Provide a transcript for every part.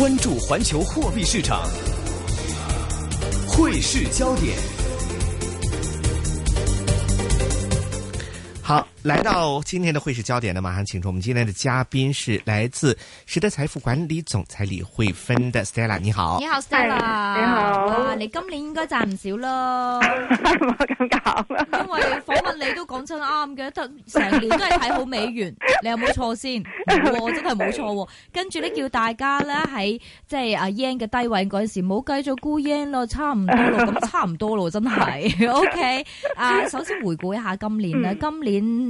關注環球貨幣市場，匯市焦點。好。來到今天的匯市焦點呢，馬上請出我們今天的嘉賓，是來自實德財富管理總裁李慧芬的 Stella。你好，你好 Stella，你好，你今年應該賺唔少咯，咁搞啦，因為訪問你都講真啱嘅，得成年都係睇好美元，你有冇錯先？真係冇錯，跟住呢，叫大家咧喺即係阿 yen 嘅低位嗰陣時，唔好繼續沽 yen 咯，差唔多咯，咁差唔多咯，真係，OK，啊，首先回顧一下今年咧，今年。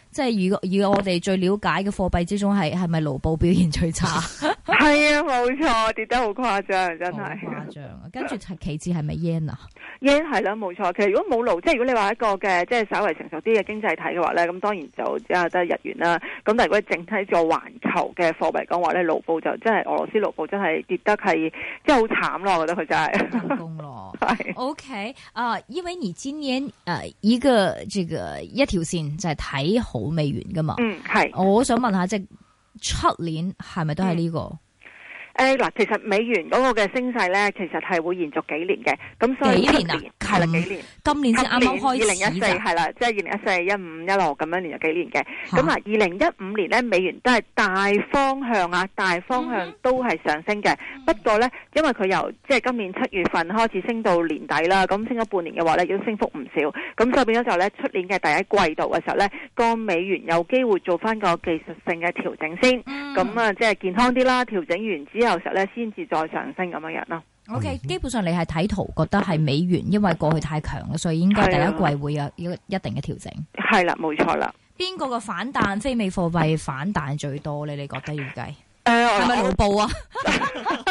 即係如果以我哋最了解嘅貨幣之中係係咪盧布表現最差？係 啊，冇錯，跌得好誇張，真係誇張。跟住其次係咪 yen 啊？yen 係啦，冇錯。 其實如果冇盧，即係如果你話一個嘅即係稍微成熟啲嘅經濟體嘅話咧，咁當然就只有得日元啦。咁但係如果整體做環球嘅貨幣講話咧，盧布就真係俄羅斯盧布真係跌得係即係好慘咯。我覺得佢真係冇工咯。 OK 啊，因為你今年誒、呃、一個這個、這個、一條線就係睇好。冇未完噶嘛？嗯，係。我想問下，即係出年係咪都係呢個？嗯誒，嗱、哎，其實美元嗰個嘅升勢咧，其實係會延續幾年嘅。咁所以年幾年啊，係啦，幾年。嗯、今年先啱啱開始，二零一四係啦，即係二零一四一五一六咁樣連續幾年嘅。咁啊，二零一五年咧，美元都係大方向啊，大方向都係上升嘅。嗯、不過咧，因為佢由即係、就是、今年七月份開始升到年底啦，咁升咗半年嘅話咧，已經升幅唔少。咁所以變咗就咧，出年嘅第一季度嘅時候咧，個美元有機會做翻個技術性嘅調整先。咁啊、嗯，即係健康啲啦，調整完之後。後實咧，先至再上升咁嘅樣咯。O K，基本上你係睇圖覺得係美元，因為過去太強嘅，所以應該第一季會有一定嘅調整。係啦，冇錯啦。邊個嘅反彈非美貨幣反彈最多咧？你哋覺得預計係咪盧布啊？呃呃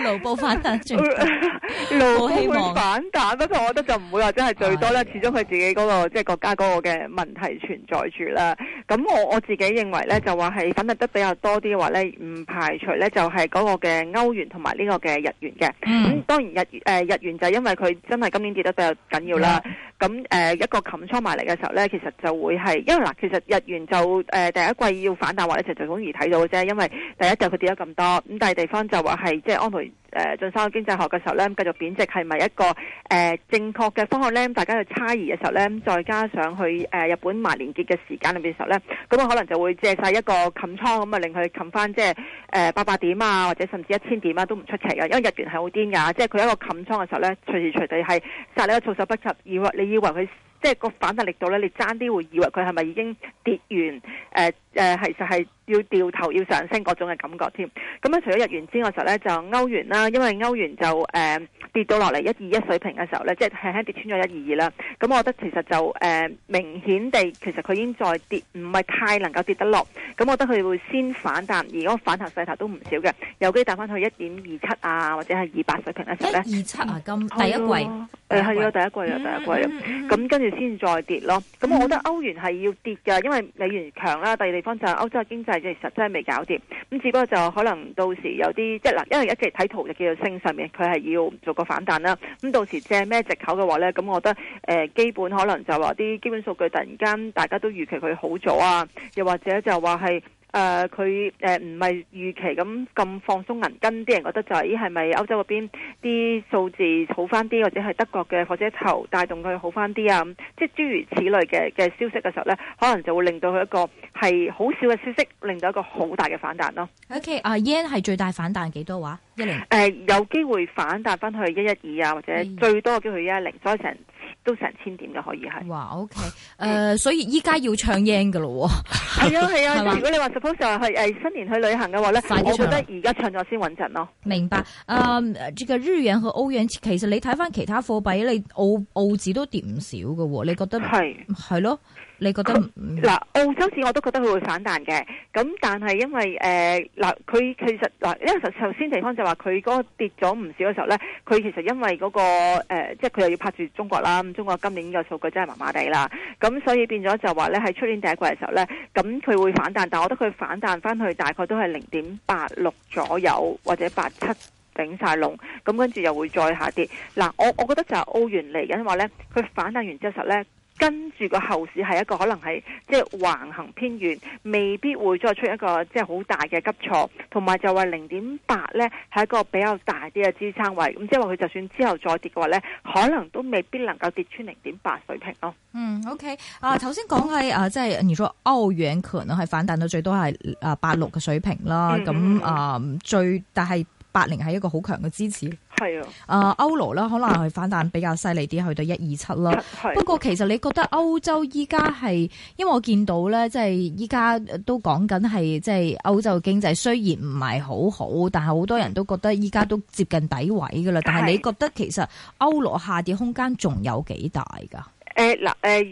盧布反彈，盧布會反彈，不過 我，望我覺得就唔會話真係最多啦，始終佢自己嗰、那個即係、就是、國家嗰個嘅問題存在住啦。咁我我自己認為咧，就話係反彈得比較多啲嘅話咧，唔排除咧就係、是、嗰個嘅歐元同埋呢個嘅日元嘅。咁、嗯、當然日誒、呃、日元就係因為佢真係今年跌得比較緊要啦。咁誒、嗯呃、一個冚倉埋嚟嘅時候咧，其實就會係因為嗱，其實日元就誒、呃、第一季要反彈或者就好容易睇到啫。因為第一就佢跌得咁多，咁第二地方就話係即係安誒進修經濟學嘅時候咧，繼續貶值係咪一個誒、呃、正確嘅方向咧？大家去差異嘅時候咧，再加上去誒、呃、日本埋連結嘅時間裏邊嘅時候咧，咁啊可能就會借晒一個冚倉咁啊，令佢冚翻即係誒八百點啊，或者甚至一千點啊，都唔出奇嘅，因為日元係好癲㗎，即係佢一個冚倉嘅時候咧，隨時隨地係殺你一個措手不及，以為你以為佢即係個反彈力度咧，你爭啲會以為佢係咪已經跌完？誒、呃、誒，其實係。要掉頭要上升嗰種嘅感覺添。咁樣，除咗日元之外嘅時候咧，就歐元啦。因為歐元就誒、呃、跌到落嚟一二一水平嘅時候咧，即係輕輕跌穿咗一二二啦。咁我覺得其實就誒、呃、明顯地，其實佢已經再跌，唔係太能夠跌得落。咁我覺得佢會先反彈，而嗰個反彈勢頭都唔少嘅，有機彈翻去一點二七啊，或者係二八水平嘅時候咧。二七啊，咁第一季誒係啊，第一季啊，第一季。咁跟住先再跌咯。咁我覺得歐元係要跌嘅，因為美元強啦，第二地方就係歐洲嘅經濟。其實真係未搞掂，咁只不過就可能到時有啲即係嗱，因為一直睇圖就叫做升上面，佢係要做個反彈啦。咁到時借咩藉口嘅話呢？咁我覺得誒、呃、基本可能就話啲基本數據突然間大家都預期佢好咗啊，又或者就話係。誒，佢誒唔係預期咁咁放鬆銀根，啲人覺得就咦，係咪歐洲嗰邊啲數字好翻啲，或者係德國嘅火車頭帶動佢好翻啲啊？即係諸如此類嘅嘅消息嘅時候咧，可能就會令到佢一個係好少嘅消息，令到一個好大嘅反彈咯。OK，啊 yen 係最大反彈幾多話？一零誒，有機會反彈翻去一一二啊，或者最多嘅機會一一零，所以成。都成千點嘅可以係，哇 OK，誒、uh，Okay. 所以依家要唱 Yen 嘅咯，係啊係啊。如果你話 suppose 話係新年去旅行嘅話咧，我覺得而家唱咗先穩陣咯。明白誒，um, 呢個日元和歐元，其實你睇返其他貨幣，你澳澳紙都跌唔少嘅，你覺得係係咯？你覺得嗱，澳洲紙我都覺得佢會反彈嘅。咁但係因為誒嗱，佢、呃、其實嗱、呃，因為頭先地方就話佢嗰個跌咗唔少嘅時候咧，佢其實因為嗰、那個即係佢又要拍住中國啦。中國今年嘅數據真係麻麻地啦，咁所以變咗就話呢，喺出年第一季嘅時候呢，咁佢會反彈，但我覺得佢反彈翻去大概都係零點八六左右或者八七頂晒龍，咁跟住又會再下跌。嗱，我我覺得就係澳元嚟緊話呢，佢反彈完之後呢。跟住個後市係一個可能係即係橫行偏遠，未必會再出一個即係好大嘅急挫，同埋就話零點八咧係一個比較大啲嘅支撐位，咁即係話佢就算之後再跌嘅話咧，可能都未必能夠跌穿零點八水平咯。嗯，OK，啊，頭先講係啊，即係如果歐元權啊，係反彈到最多係啊八六嘅水平啦。咁、嗯、啊，嗯、最但係。八零係一個好強嘅支持，係啊的，啊歐羅啦，可能係反彈比較犀利啲，去到一二七啦。不過其實你覺得歐洲依家係，因為我見到咧，即係依家都講緊係，即係歐洲經濟雖然唔係好好，但係好多人都覺得依家都接近底位㗎喇。但係你覺得其實歐羅下跌空間仲有幾大㗎？誒嗱誒，嗱、欸呃呃、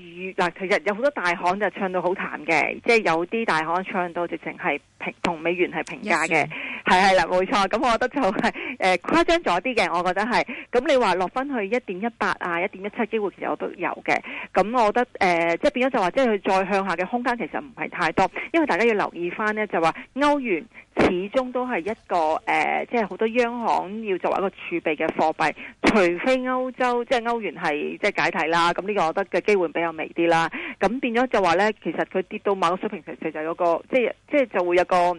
其實有好多大行就唱到好淡嘅，即、就、係、是、有啲大行唱到直情係平同美元係平價嘅，係係啦，冇錯。咁我覺得就係誒誇張咗啲嘅，我覺得係。咁你話落翻去一點一八啊，一點一七機會其實我都有嘅。咁我覺得誒，即、呃、係變咗就話，即係佢再向下嘅空間其實唔係太多，因為大家要留意翻呢，就話歐元。始終都係一個誒、呃，即係好多央行要作為一個儲備嘅貨幣，除非歐洲即係歐元係即係解體啦，咁、這、呢個我覺得嘅機會比較微啲啦。咁變咗就話呢，其實佢跌到某個水平，其實就有個即係即係就會有個。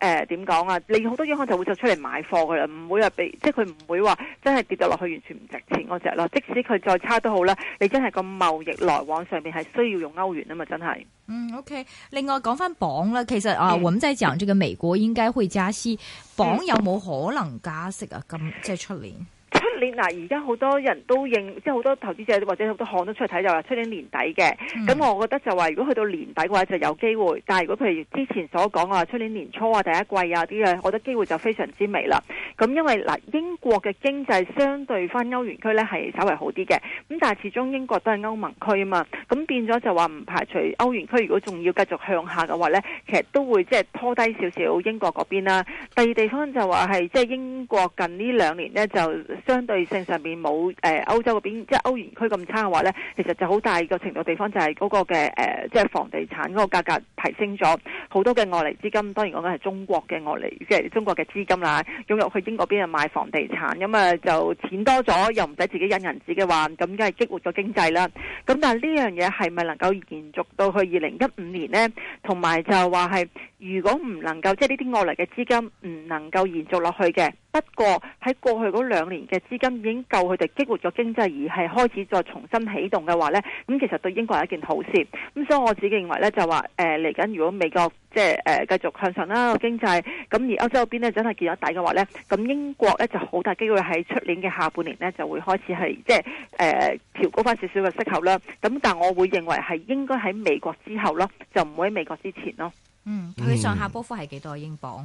誒，點講啊？你好多央行就會就出嚟買貨噶啦，唔會話俾，即係佢唔會話真係跌到落去完全唔值錢嗰隻咯。即使佢再差都好啦，你真係個貿易來往上面係需要用歐元啊嘛，真係。嗯，OK。另外講翻鎊啦，其實、嗯、啊，我們在講這個美國應該會加息，嗯、鎊有冇可能加息啊？咁即係出年。出年嗱，而家好多人都認，即係好多投資者或者好多行都出嚟睇，就話、是、出年年底嘅。咁、嗯、我覺得就話，如果去到年底嘅話，就有機會。但係如果譬如之前所講啊，出年年初啊、第一季啊啲嘅，我覺得機會就非常之微啦。咁因為嗱，英國嘅經濟相對翻歐元區咧，係稍為好啲嘅，咁但係始終英國都係歐盟區啊嘛，咁變咗就話唔排除歐元區如果仲要繼續向下嘅話咧，其實都會即係拖低少少英國嗰邊啦。第二地方就話係即係英國近呢兩年咧就相對性上邊冇誒，歐洲嗰邊即係，就是，歐元區咁差嘅話咧，其實就好大個程度地方就係嗰個嘅，誒即係房地產嗰個價格提升咗。好多嘅外嚟資金，當然講緊係中國嘅外嚟嘅中國嘅資金啦，湧入去英國邊度買房地產，咁啊就錢多咗，又唔使自己印銀紙嘅話，咁梗係激活咗經濟啦。咁但係呢樣嘢係咪能夠延續到去二零一五年呢？同埋就係話係，如果唔能夠即係呢啲外嚟嘅資金唔能夠延續落去嘅。不過喺過去嗰兩年嘅資金已經夠佢哋激活咗經濟，而係開始再重新啟動嘅話呢，咁其實對英國係一件好事。咁、嗯、所以我自己認為呢，就話，誒嚟緊如果美國即係、呃、繼續向上啦，經濟咁而歐洲嗰邊呢真係見咗底嘅話呢，咁、嗯、英國呢就好大機會喺出年嘅下半年呢就會開始係即係誒調高翻少少嘅息口啦。咁但我會認為係應該喺美國之後咯，就唔會喺美國之前咯。佢、嗯、上下波幅係幾多英鎊？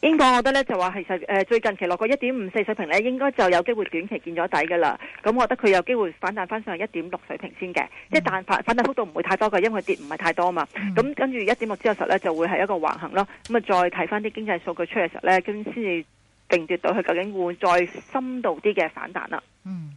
英國我覺得咧就話，其實誒、呃、最近期落過一點五四水平咧，應該就有機會短期見咗底噶啦。咁我覺得佢有機會反彈翻上一點六水平先嘅，即係、嗯、但反反彈幅度唔會太多噶，因為佢跌唔係太多嘛。咁、嗯、跟住一點六之後實咧就會係一個橫行咯。咁啊再睇翻啲經濟數據出嚟時候咧，咁先至定奪到佢究竟會再深度啲嘅反彈啦。嗯。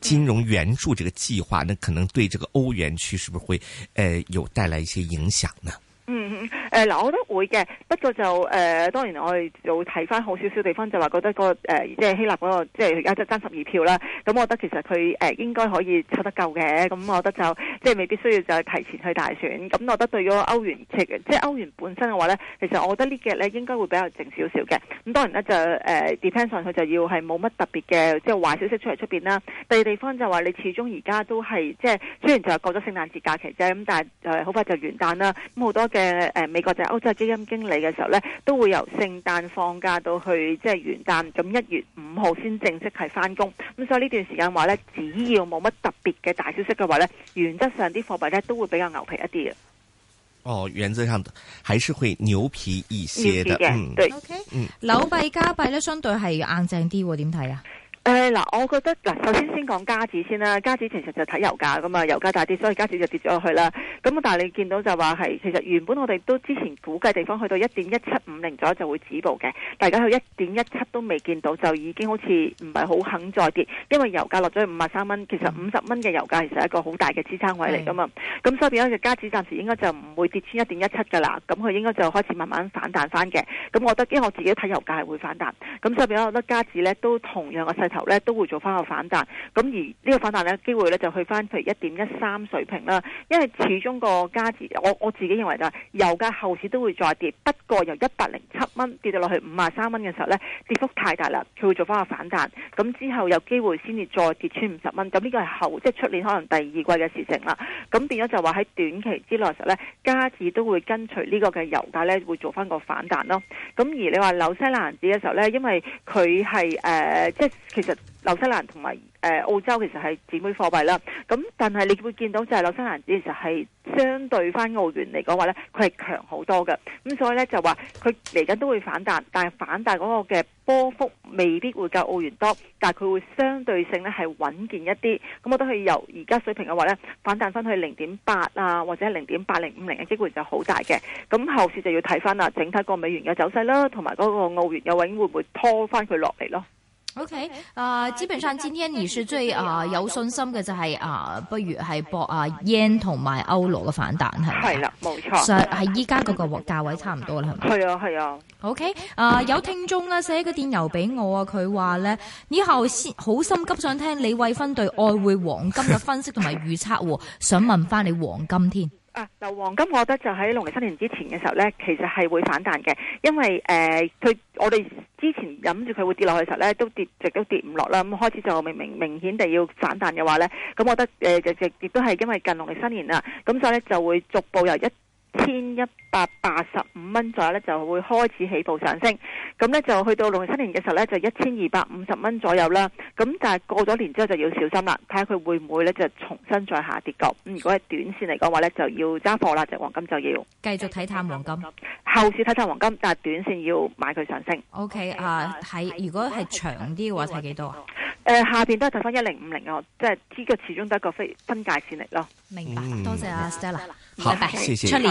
金融援助這個計劃，那可能對這個歐元區是不是會，呃，有帶來一些影響呢？嗯，誒，嗱，我覺得會嘅，不過就誒、呃，當然我哋就會睇翻好少少地方，就話覺得個誒，即係希臘嗰個，即係而家就係爭十二票啦。咁我覺得其實佢誒、呃、應該可以湊得夠嘅，咁我覺得就即係、就是、未必需要就係提前去大選。咁我覺得對於歐元即係歐元本身嘅話咧，其實我覺得幾呢幾日咧應該會比較靜少少嘅。咁當然咧就誒、呃、，depends on 佢就要係冇乜特別嘅即係壞消息出嚟出面啦。第二地方就話你始終而家都係即係雖然就係過咗聖誕節假期啫，咁但係誒好快就元旦啦，咁好多。嘅誒，美國就係歐洲基金經理嘅時候咧，都會由聖誕放假到去即係元旦，咁一月五號先正式係翻工。咁所以呢段時間話咧，只要冇乜特別嘅大消息嘅話咧，原則上啲貨幣咧都會比較牛皮一啲嘅。哦，原則上還是會牛皮一些嘅。嗯，對，OK，嗯，紐幣、加幣咧相對係硬淨啲，點睇啊？誒，嗱、欸，我覺得嗱，首先先講加紙先啦，加紙其實就睇油價噶嘛，油價大跌，所以加紙就跌咗落去啦。咁但係你見到就話係，其實原本我哋都之前估計地方去到一點一七五零左右就會止步嘅，大家去一點一七都未見到，就已經好似唔係好肯再跌，因為油價落咗去五十三蚊，其實五十蚊嘅油價其實係一個好大嘅支撐位嚟噶嘛。咁的所以變咗嘅加紙暫時應該就唔會跌穿一點一七噶啦，咁佢應該就開始慢慢反彈返嘅。咁我覺得，因為我自己睇油價係會反彈，咁所以變咗我覺得加紙咧都同樣嘅咧都會做翻個反彈，咁而呢個反彈嘅機會咧就去翻譬如一點一三水平啦，因為始終個加紙，我我自己認為就係油價後市都會再跌，不過由一百零七蚊跌到落去五啊三蚊嘅時候咧，跌幅太大啦，佢會做翻個反彈，咁之後有機會先至再跌穿五十蚊，咁呢個係後即係出年可能第二季嘅事情啦。咁變咗就話喺短期之內嘅時候咧，加紙都會跟隨呢個嘅油價咧會做翻個反彈咯。咁而你話紐西蘭紙嘅時候咧，因為佢係誒即係。其實紐西蘭同埋誒澳洲其實係姊妹貨幣啦，咁但係你會見到就係紐西蘭其實係相對翻澳元嚟講話咧，佢係強好多嘅，咁所以咧就話佢嚟緊都會反彈，但係反彈嗰個嘅波幅未必會夠澳元多，但係佢會相對性咧係穩健一啲，咁我都係由而家水平嘅話咧，反彈翻去零點八啊或者零點八零五零嘅機會就好大嘅，咁後市就要睇翻啦，整體個美元嘅走勢啦，同埋嗰個澳元有影會唔會拖翻佢落嚟咯。O K，啊，okay, uh, 基本上今天你是最啊、uh, 有信心嘅、就是，就係啊，不如係博阿 yen 同埋歐羅嘅反彈係，係啦，冇錯，係依家嗰個價位差唔多啦，係咪？係啊，係啊。O K，啊，有聽眾咧寫個電郵俾我啊，佢話咧以後先好心急想聽李慧芬對外匯黃金嘅分析同埋預測喎， 想問翻你黃金添。啊！嗱，黃金，我覺得就喺農曆新年之前嘅時候咧，其實係會反彈嘅，因為誒，佢、呃、我哋之前諗住佢會跌落去嘅時候咧，都跌，一直都跌唔落啦，咁開始就明明明顯地要反彈嘅話咧，咁我覺得誒，亦亦亦都係因為近農曆新年啦，咁所以咧就會逐步由一千一百八十五蚊左右咧，就會開始起步上升。咁咧就去到六七年嘅時候咧，就一千二百五十蚊左右啦。咁但係過咗年之後就要小心啦，睇下佢會唔會咧就重新再下跌過咁。如果係短線嚟講話咧，就要揸貨啦，隻黃金就要繼續睇探黃金，後市睇探黃金，但係短線要買佢上升。OK 啊，喺如果係長啲嘅話睇幾多啊？誒，uh, 下邊都係睇翻一零五零哦，即係呢個始終都係一個分界線嚟咯。明白，嗯、多謝阿、啊、Stella